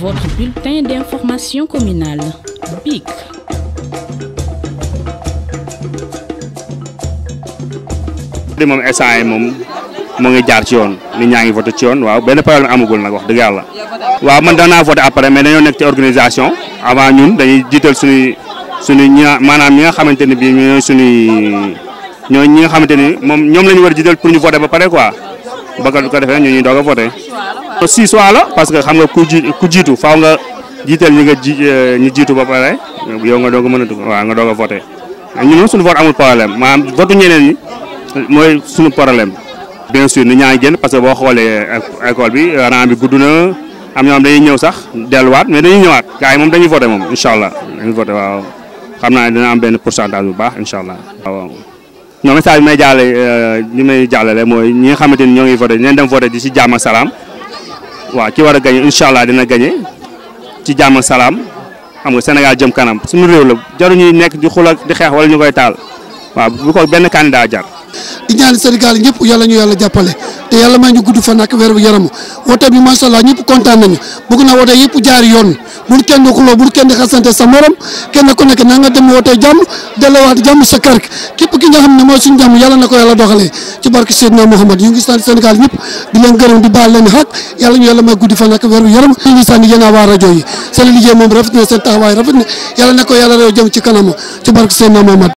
Votre bulletin moom instant moom moo ngi jaar ci yoon nit ñaa ngi voté ci yoon waaw benn problème amagul nag wax dëgg yàlla. waaw man danaa voté après mais dañoo nekk ci organisation avant ñun dañuy jiital suñuy sunuy ña maanaam ñi nga xamante ne bii ñooy suñuy ñooy ñi nga xamante ni moom ñoom la war a jiital pour ñu voté ba pare quoi ba ko defee ñu ñuy doog a voté. six mois la parce que xam nga ku ji ku jiitu faaw nga jiital ñi nga euh, ñi jiitu ba pare yow nga doog a mën a waaw nga doog a voté ñun moom suñu vote amul problème maanaam votu ñeneen ñi mooy suñu problème. ni ñaa ngi génn parce que boo xoolee euh, école bi euh, rang bi gudd na am ñoom dañuy ñëw sax delluwaat mais dañuy ñëwaat kaay moom dañu voté moom incha allah dañuy voté waaw xam naa dina am benn pourcentage bu baax incha allah. waaw ñoom message bi may mooy ñi nga xamante ni ñoo ngi voté dinañ dem voté di si jàmm salaam. waaw ci war a gañe incha allah dina gañe ci jàmm salaam xam nga Sénégal jëm kanam suñu réew la jaru ñuy nekk di xul di xeex wala ñu koy taal waaw bu ko benn candidat jar. di ñaan Sénégal ñëpp yàlla ñu yàlla jàppale te yàlla may ñu gudd fan ak weer bu yaramu woote bi macha allah ñëpp kontaan nañu bëgg naa woote yëpp jaar yoon. bu kenn di xuloo bu kenn xasante sa morom kenn ku nekk na nga dem wootee jàmm delluwaat jàmm sa kër képp ki nga ne mooy suñu jàmm yàlla na ko yàlla doxalee ci barke Seydina Mouhamad ñu ngi sant Sénégal ñëpp di leen gërëm di baal leen xaq yàlla ñu yàlla may guddi fan ak yaram ñu ngi sànni yéen a waa rajo yi seen liggéey moom rafet na seen taxawaay rafet na yàlla na ko yàlla réew jëm ci kanam ci barke Seydina Mouhamad